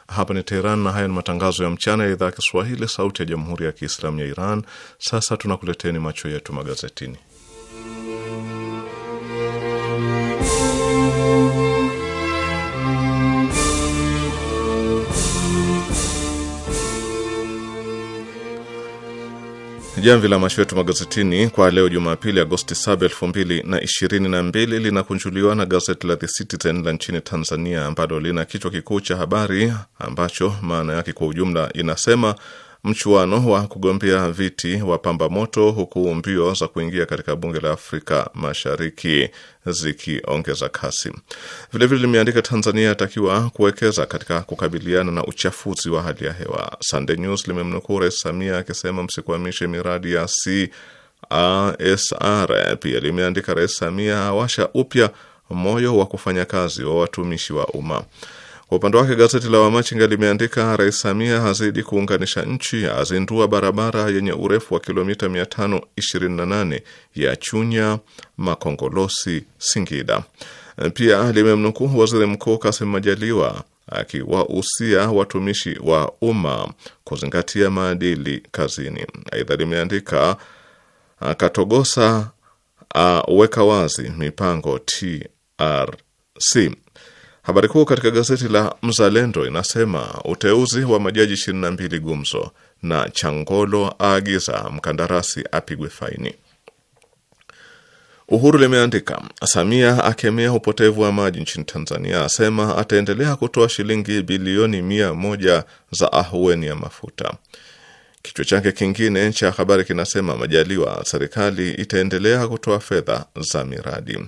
Hapa ni Teheran na haya ni matangazo ya mchana ya idhaa ya Kiswahili, Sauti ya Jamhuri ya Kiislamu ya Iran. Sasa tunakuleteni macho yetu magazetini. Jamvi la macho yetu magazetini kwa leo Jumapili, Agosti 7, 2022 linakunjuliwa na gazeti la The Citizen la nchini Tanzania ambalo lina kichwa kikuu cha habari ambacho maana yake kwa ujumla inasema mchuano wa kugombea viti wa pamba moto, huku mbio za kuingia katika bunge la Afrika Mashariki zikiongeza kasi. Vilevile limeandika Tanzania atakiwa kuwekeza katika kukabiliana na uchafuzi wa hali ya hewa. Sunday News limemnukuu Rais Samia akisema msikwamishe miradi ya CSR. Pia limeandika Rais Samia awasha upya moyo wa kufanya kazi wa watumishi wa umma. Kwa upande wake gazeti la Wamachinga limeandika Rais Samia hazidi kuunganisha nchi, azindua barabara yenye urefu wa kilomita 528 ya Chunya Makongolosi Singida. Pia limemnukuu Waziri Mkuu Kassim Majaliwa akiwahusia watumishi wa umma kuzingatia maadili kazini. Aidha limeandika Katogosa aweka wazi mipango TRC. Habari kuu katika gazeti la Mzalendo inasema uteuzi wa majaji 22 gumzo, na Changolo aagiza mkandarasi apigwe faini. Uhuru limeandika Samia akemea upotevu wa maji nchini Tanzania, asema ataendelea kutoa shilingi bilioni mia moja za ahueni ya mafuta. Kichwa chake kingine cha habari kinasema Majaliwa, serikali itaendelea kutoa fedha za miradi.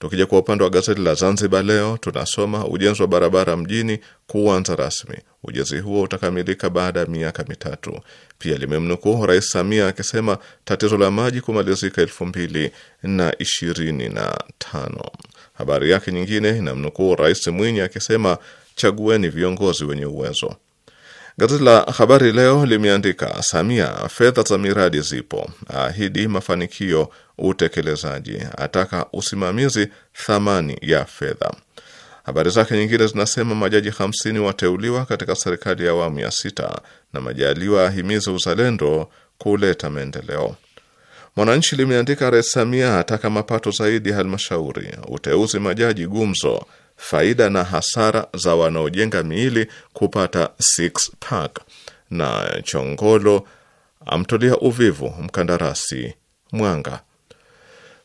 Tukija kwa upande wa gazeti la Zanzibar Leo, tunasoma ujenzi wa barabara mjini kuanza rasmi. Ujenzi huo utakamilika baada ya miaka mitatu. Pia limemnukuu Rais Samia akisema tatizo la maji kumalizika elfu mbili na ishirini na tano. Habari yake nyingine inamnukuu Rais Mwinyi akisema chagueni viongozi wenye uwezo. Gazeti la Habari Leo limeandika Samia, fedha za miradi zipo, ahidi mafanikio utekelezaji, ataka usimamizi thamani ya fedha. Habari zake nyingine zinasema majaji 50 wateuliwa katika serikali ya awamu ya sita, na Majaliwa ahimize uzalendo kuleta maendeleo. Mwananchi limeandika Rais Samia ataka mapato zaidi halmashauri, uteuzi majaji gumzo, faida na hasara za wanaojenga miili kupata six pack, na Chongolo amtolia uvivu mkandarasi Mwanga.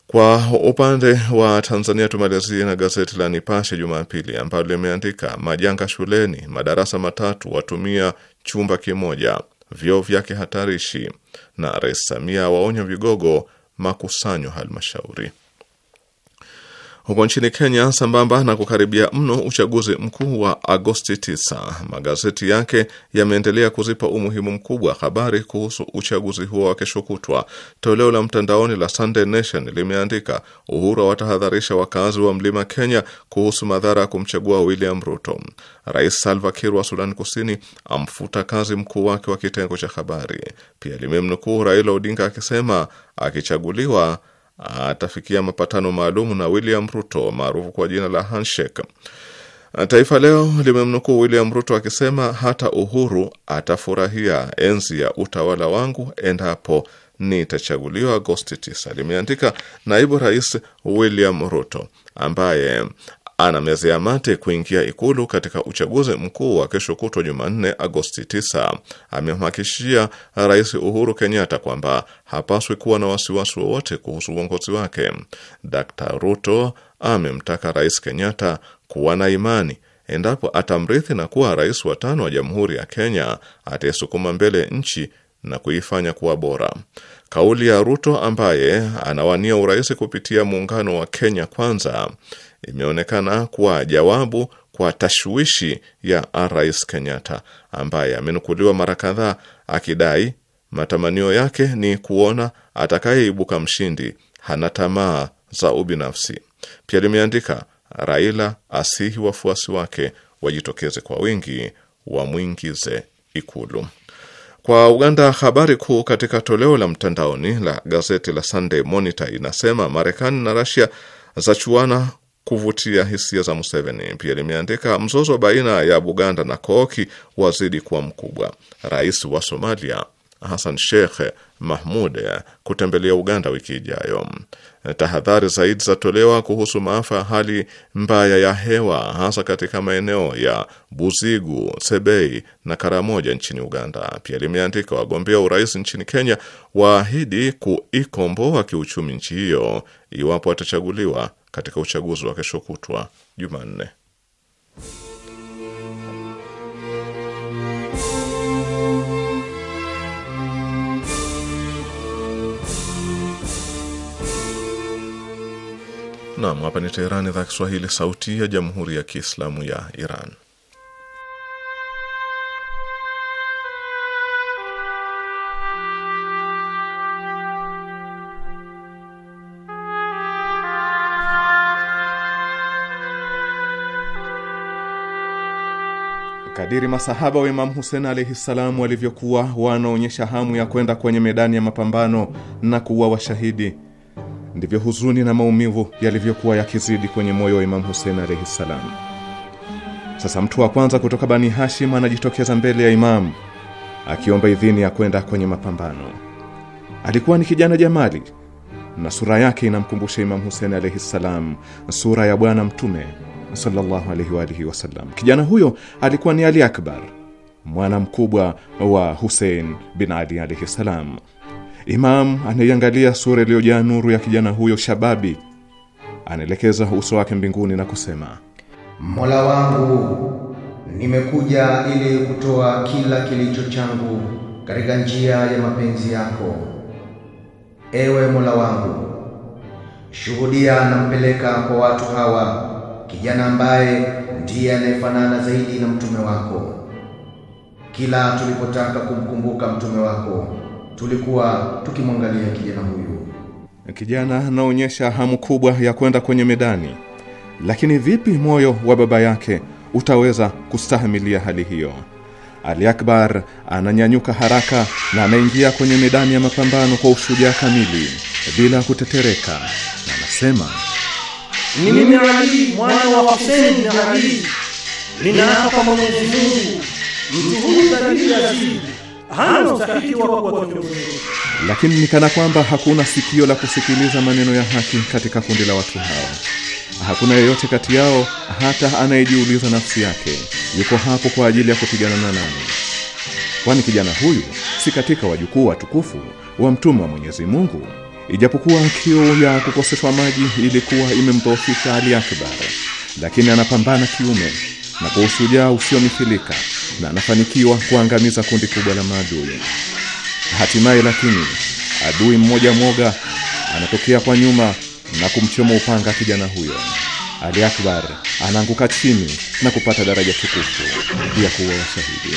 Kwa upande wa Tanzania tumalizia na gazeti la Nipashe Jumapili ambalo limeandika majanga shuleni, madarasa matatu watumia chumba kimoja, vyoo vyake hatarishi, na Rais Samia waonya vigogo makusanyo halmashauri. Huko nchini Kenya, sambamba na kukaribia mno uchaguzi mkuu wa Agosti 9, magazeti yake yameendelea kuzipa umuhimu mkubwa habari kuhusu uchaguzi huo wa kesho kutwa. Toleo la mtandaoni la Sunday Nation limeandika, Uhuru awatahadharisha wakazi wa mlima Kenya kuhusu madhara ya kumchagua William Ruto. Rais Salva Kiir wa Sudan Kusini amfuta kazi mkuu wake wa kitengo cha habari. Pia limemnukuu Raila Odinga akisema akichaguliwa atafikia mapatano maalum na William Ruto maarufu kwa jina la handshake. Taifa Leo limemnukuu William Ruto akisema hata Uhuru atafurahia enzi ya utawala wangu endapo nitachaguliwa Agosti 9. Limeandika naibu rais William Ruto ambaye anamezea mate kuingia Ikulu katika uchaguzi mkuu wa kesho kutwa Jumanne, Agosti 9, amemhakikishia Rais Uhuru Kenyatta kwamba hapaswi kuwa na wasiwasi wowote kuhusu uongozi wake. Dr Ruto amemtaka Rais Kenyatta kuwa na imani endapo atamrithi na kuwa rais wa tano wa Jamhuri ya Kenya atayesukuma mbele nchi na kuifanya kuwa bora. Kauli ya Ruto ambaye anawania urais kupitia muungano wa Kenya Kwanza imeonekana kuwa jawabu kwa tashwishi ya Rais Kenyatta ambaye amenukuliwa mara kadhaa akidai matamanio yake ni kuona atakayeibuka mshindi hana tamaa za ubinafsi. Pia limeandika Raila asihi wafuasi wake wajitokeze kwa wingi wamwingize Ikulu. Kwa Uganda, habari kuu katika toleo la mtandaoni la gazeti la Sunday Monitor inasema Marekani na Rasia zachuana kuvutia hisia za Museveni. Pia limeandika mzozo baina ya Buganda na Kooki wazidi kuwa mkubwa. Rais wa Somalia Hassan Sheikh Mahmud kutembelea Uganda wiki ijayo. Tahadhari zaidi zatolewa kuhusu maafa ya hali mbaya ya hewa hasa katika maeneo ya Buzigu, Sebei na Karamoja nchini Uganda. Pia limeandika wagombea urais nchini Kenya waahidi kuikomboa kiuchumi nchi hiyo iwapo atachaguliwa katika uchaguzi wa kesho kutwa Jumanne. Nam, hapa ni Teherani, idhaa Kiswahili, sauti ya jamhuri ya kiislamu ya Iran. Kadiri masahaba wa Imamu Husen alaihi salamu walivyokuwa wanaonyesha hamu ya kwenda kwenye medani ya mapambano na kuwa washahidi, ndivyo huzuni na maumivu yalivyokuwa yakizidi kwenye moyo wa Imamu Husen alaihi salamu Sasa mtu wa kwanza kutoka Bani Hashim anajitokeza mbele ya Imamu akiomba idhini ya kwenda kwenye mapambano. Alikuwa ni kijana Jamali na sura yake inamkumbusha Imamu Husen alaihi ssalam sura ya Bwana Mtume sallallahu alaihi wa alihi wasallam. Kijana huyo alikuwa ni Ali Akbar, mwana mkubwa wa Husein bin Ali alaihi salam. Imam anaiangalia sura iliyojaa nuru ya kijana huyo shababi, anaelekeza uso wake mbinguni na kusema, Mola wangu, nimekuja ili kutoa kila kilicho changu katika njia ya mapenzi yako. Ewe Mola wangu, shuhudia nampeleka kwa watu hawa kijana ambaye ndiye anayefanana zaidi na mtume wako. Kila tulipotaka kumkumbuka mtume wako, tulikuwa tukimwangalia kijana huyu. Kijana anaonyesha hamu kubwa ya kwenda kwenye medani, lakini vipi moyo wa baba yake utaweza kustahimilia hali hiyo? Ali Akbar ananyanyuka haraka na anaingia kwenye medani ya mapambano kwa ushujaa kamili bila kutetereka, na anasema mimi Ali mwana wa Hussein na Ali ninaapa kwa Mwenyezi Mungu mtu huyu tabiri Yazid hana ustahiki wa kuwa lakini nikana kwamba hakuna sikio la kusikiliza maneno ya haki katika kundi la watu hawa hakuna yeyote kati yao hata anayejiuliza nafsi yake yuko hapo kwa ajili ya kupigana na nani kwani kijana huyu si katika wajukuu watukufu wa mtume wa mwenyezi mungu Ijapokuwa kiu ya kukoseshwa maji ilikuwa imemdhoofisha Ali Akbar, lakini anapambana kiume na kwa ushujaa usiomithilika na anafanikiwa kuangamiza kundi kubwa la maadui. Hatimaye lakini adui mmoja mwoga anatokea kwa nyuma na kumchoma upanga kijana huyo. Ali Akbar anaanguka chini na kupata daraja tukufu ya kuwa shahidi.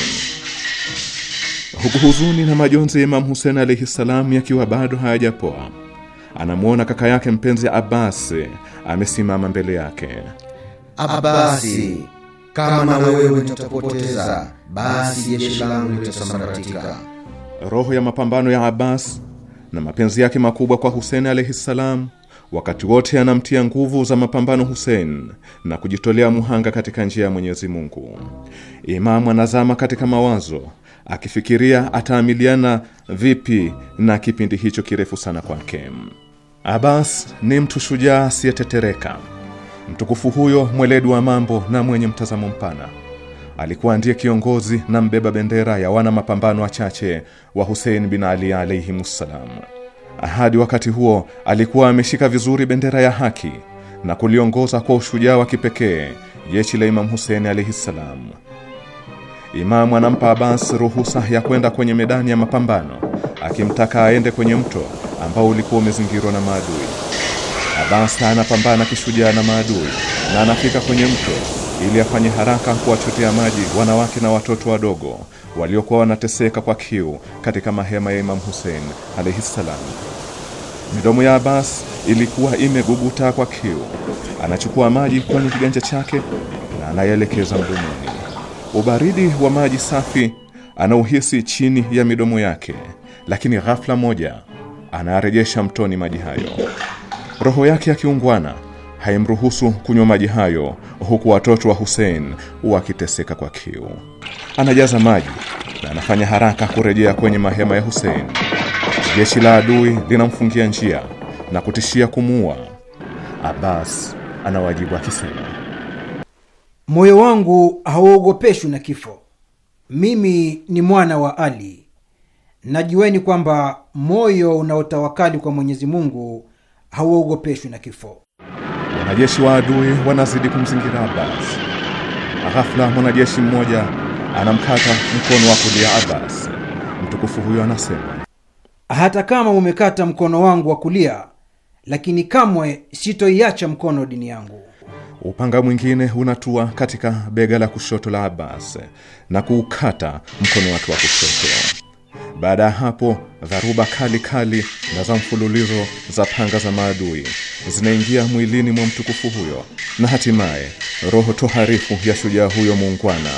Huku huzuni na majonzi ya Imamu Husen alaihi salam yakiwa bado hayajapoa, anamwona kaka yake mpenzi Abasi amesimama mbele yake. Abasi, kama na wewe tutapoteza, basi jeshi langu litasambaratika. Roho ya mapambano ya Abasi na mapenzi yake makubwa kwa Huseni alaihi salam wakati wote anamtia nguvu za mapambano Hussein na kujitolea muhanga katika njia ya Mwenyezi Mungu. Imamu anazama katika mawazo akifikiria ataamiliana vipi na kipindi hicho kirefu sana kwake. Abbas ni mtu shujaa asiyetetereka. Mtukufu huyo mweledi wa mambo na mwenye mtazamo mpana alikuwa ndiye kiongozi na mbeba bendera ya wana mapambano wachache wa husein bin Ali alaihimussalam. Hadi wakati huo alikuwa ameshika vizuri bendera ya haki na kuliongoza kwa ushujaa wa kipekee jeshi la imamu husein alaihi ssalam. Imamu anampa Abbas ruhusa ya kwenda kwenye medani ya mapambano, akimtaka aende kwenye mto ambao ulikuwa umezingirwa na maadui. Abbas anapambana kishujaa na maadui na anafika kwenye mto ili afanye haraka kuwachotea maji wanawake na watoto wadogo waliokuwa wanateseka kwa kiu katika mahema ya imamu husein alaihi ssalam Midomo ya Abbas ilikuwa imeguguta kwa kiu. Anachukua maji kwenye kiganja chake na anayeelekeza mdomoni ubaridi wa maji safi anauhisi chini ya midomo yake, lakini ghafla moja anarejesha mtoni maji hayo. Roho yake ya kiungwana haimruhusu kunywa maji hayo, huku watoto wa Hussein wakiteseka kwa kiu. Anajaza maji na anafanya haraka kurejea kwenye mahema ya Hussein. Jeshi la adui linamfungia njia na kutishia kumuua. Abbas anawajibu akisema moyo wangu hauogopeshwi na kifo. Mimi ni mwana wa Ali. Najueni kwamba moyo unaotawakali kwa Mwenyezi Mungu hauogopeshwi na kifo. Wanajeshi wa adui wanazidi kumzingira Abbas. Ghafla mwanajeshi mmoja anamkata mkono wa kulia Abbas. Mtukufu huyo anasema, hata kama umekata mkono wangu wa kulia, lakini kamwe sitoiacha mkono dini yangu. Upanga mwingine unatua katika bega la kushoto la Abbas na kuukata mkono wake wa kushoto. Baada ya hapo, dharuba kali kali na za mfululizo za panga za maadui zinaingia mwilini mwa mtukufu huyo, na hatimaye roho toharifu ya shujaa huyo muungwana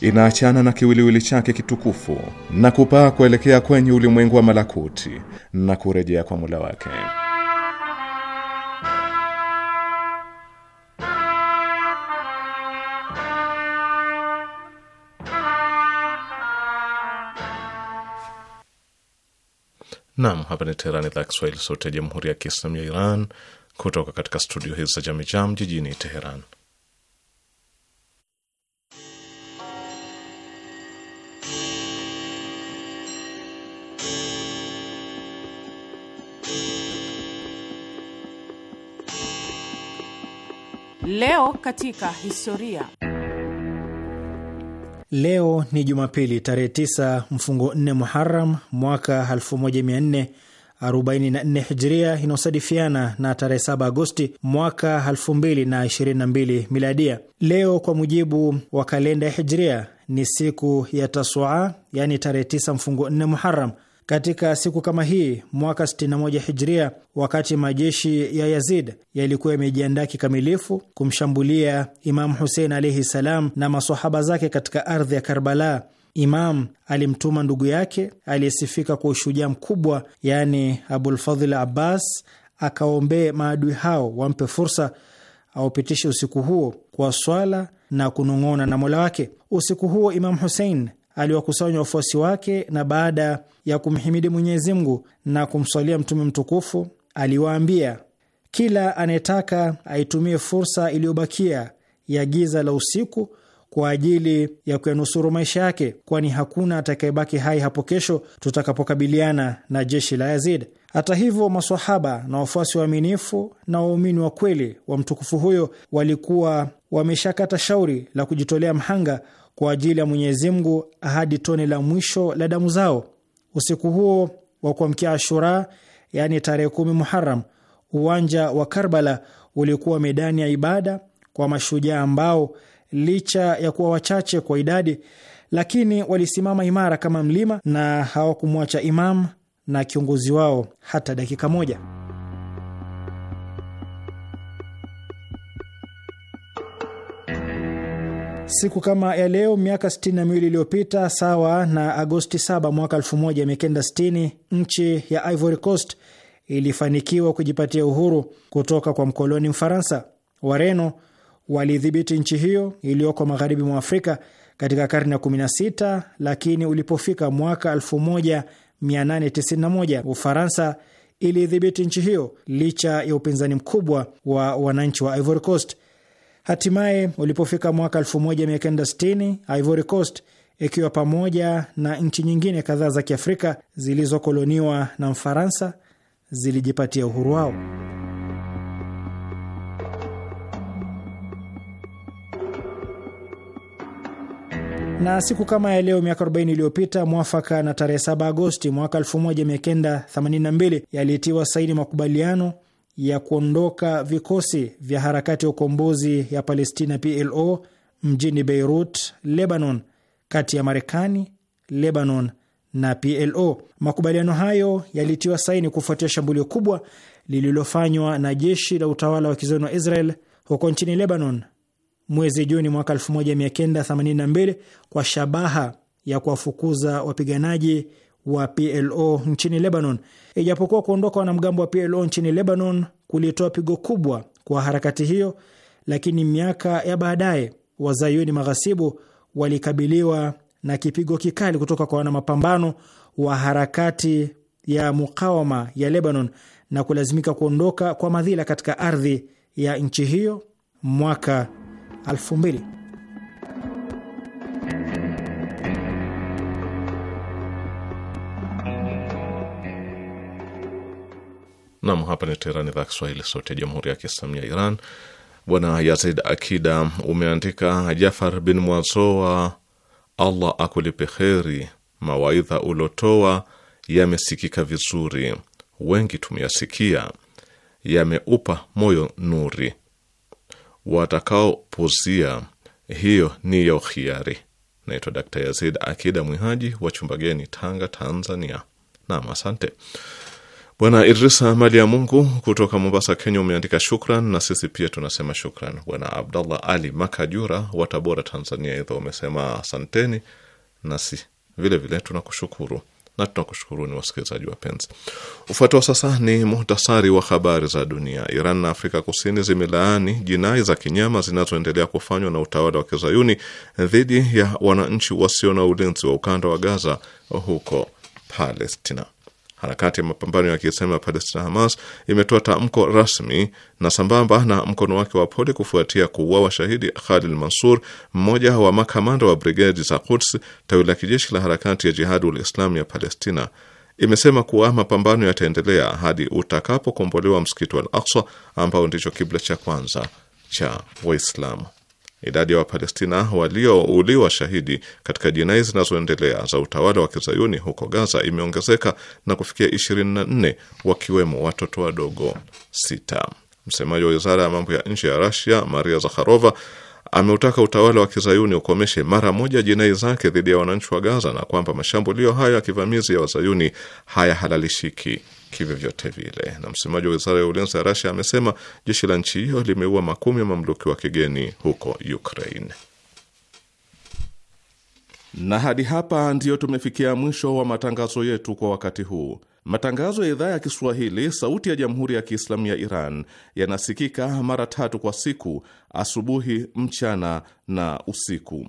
inaachana na kiwiliwili chake kitukufu na kupaa kuelekea kwenye ulimwengu wa malakuti na kurejea kwa mula wake. Nam, hapa ni Teherani, idhaa ya Kiswahili, sauti ya jamhuri ya kiislamu ya Iran, kutoka katika studio hizi za Jamijam jijini Teheran. Leo katika historia Leo ni Jumapili tarehe 9 mfungo 4 Muharam mwaka 1444 Hijria, inayosadifiana na tarehe 7 Agosti mwaka 2022 Miladia. Leo kwa mujibu wa kalenda ya Hijria ni siku ya Tasua, yani tarehe 9 mfungo 4 Muharam katika siku kama hii mwaka 61 Hijria, wakati majeshi ya Yazid yalikuwa yamejiandaa kikamilifu kumshambulia Imamu Husein alaihi salam na masahaba zake katika ardhi ya Karbala, Imam alimtuma ndugu yake aliyesifika kwa ushujaa mkubwa, yaani Abulfadhil Abbas, akaombee maadui hao wampe fursa aupitishe usiku huo kwa swala na kunong'ona na mola wake. Usiku huo Imam Husein aliwakusanya wafuasi wake, na baada ya kumhimidi Mwenyezi Mungu na kumswalia mtume mtukufu, aliwaambia kila anayetaka aitumie fursa iliyobakia ya giza la usiku kwa ajili ya kuyanusuru maisha yake, kwani hakuna atakayebaki hai hapo kesho tutakapokabiliana na jeshi la Yazid. Hata hivyo, maswahaba na wafuasi waaminifu na waumini wa kweli wa mtukufu huyo walikuwa wameshakata shauri la kujitolea mhanga kwa ajili ya Mwenyezi Mungu hadi tone la mwisho la damu zao. Usiku huo wa kuamkia Ashura, yaani tarehe kumi Muharam, uwanja wa Karbala ulikuwa medani ya ibada kwa mashujaa ambao licha ya kuwa wachache kwa idadi, lakini walisimama imara kama mlima na hawakumwacha Imam na kiongozi wao hata dakika moja. Siku kama ya leo miaka 62 iliyopita, sawa na Agosti 7 mwaka 1960, nchi ya Ivory Coast ilifanikiwa kujipatia uhuru kutoka kwa mkoloni Mfaransa. Wareno walidhibiti nchi hiyo iliyoko magharibi mwa Afrika katika karne ya 16, lakini ulipofika mwaka 1891 Ufaransa ilidhibiti nchi hiyo licha ya upinzani mkubwa wa wananchi wa Ivory Coast. Hatimaye ulipofika mwaka 1960 Ivory Coast ikiwa pamoja na nchi nyingine kadhaa za Kiafrika zilizokoloniwa na Mfaransa zilijipatia uhuru wao. Na siku kama ya leo miaka 40 iliyopita mwafaka na tarehe 7 Agosti mwaka 1982 yaliitiwa saini makubaliano ya kuondoka vikosi vya harakati ya ukombozi ya Palestina PLO mjini Beirut, Lebanon, kati ya Marekani, Lebanon na PLO. Makubaliano hayo yalitiwa saini kufuatia shambulio kubwa lililofanywa na jeshi la utawala wa kizayuni wa Israel huko nchini Lebanon mwezi Juni mwaka 1982 kwa shabaha ya kuwafukuza wapiganaji wa PLO nchini Lebanon. Ijapokuwa kuondoka wanamgambo wa PLO nchini Lebanon kulitoa pigo kubwa kwa harakati hiyo, lakini miaka ya baadaye wazayuni maghasibu walikabiliwa na kipigo kikali kutoka kwa wanamapambano wa harakati ya mukawama ya Lebanon na kulazimika kuondoka kwa madhila katika ardhi ya nchi hiyo mwaka 2000. Nam, hapa ni Teherani, idhaa Kiswahili, sauti ya jamhuri ya kiislamu ya Iran. Bwana Yazid Akida umeandika, Jafar bin Mwazoa, Allah akulipe kheri, mawaidha ulotoa yamesikika vizuri, wengi tumeyasikia, yameupa moyo nuri, watakaopuzia hiyo ni ya ukhiari. Naitwa Dkt Yazid Akida Mwihaji wa geni, Tanga, Tanzania. Nam, asante. Bwana Idrisa Mali ya Mungu kutoka Mombasa, Kenya, umeandika shukran, na sisi pia tunasema shukran. Bwana Abdallah Ali Makajura wa Tabora, Tanzania, idha umesema asanteni, nasi vilevile tunakushukuru na ni wasikilizaji wapenzi. Ufuatao sasa ni muhtasari wa habari za dunia. Iran na Afrika Kusini zimelaani jinai za kinyama zinazoendelea kufanywa na utawala wa kizayuni dhidi ya wananchi wasio na ulinzi wa ukanda wa Gaza huko Palestina. Harakati ya mapambano ya Kiislamu ya Palestina, Hamas, imetoa tamko rasmi na sambamba na mkono wake wa pole kufuatia kuua washahidi Khalil Mansur, mmoja wa makamanda wa brigedi za Quds, tawi la kijeshi la harakati ya Jihadul Islam ya Palestina. Imesema kuwa mapambano yataendelea hadi utakapokombolewa msikiti wa Al Aksa, ambao ndicho kibla cha kwanza cha Waislamu. Idadi ya Wapalestina waliouliwa shahidi katika jinai zinazoendelea za utawala wa kizayuni huko Gaza imeongezeka na kufikia 24 wakiwemo watoto wadogo sita. Msemaji wa wizara ya mambo ya nje ya Rasia Maria Zakharova ameutaka utawala wa kizayuni ukomeshe mara moja jinai zake dhidi ya wananchi wa Gaza na kwamba mashambulio hayo ya kivamizi ya wazayuni hayahalalishiki kivyovyote vile. Na msemaji wa wizara ya ulinzi ya Rasia amesema jeshi la nchi hiyo limeua makumi ya mamluki wa kigeni huko Ukraine. Na hadi hapa ndiyo tumefikia mwisho wa matangazo yetu kwa wakati huu. Matangazo ya idhaa ya Kiswahili sauti ya jamhuri ya Kiislamu ya Iran yanasikika mara tatu kwa siku: asubuhi, mchana na usiku.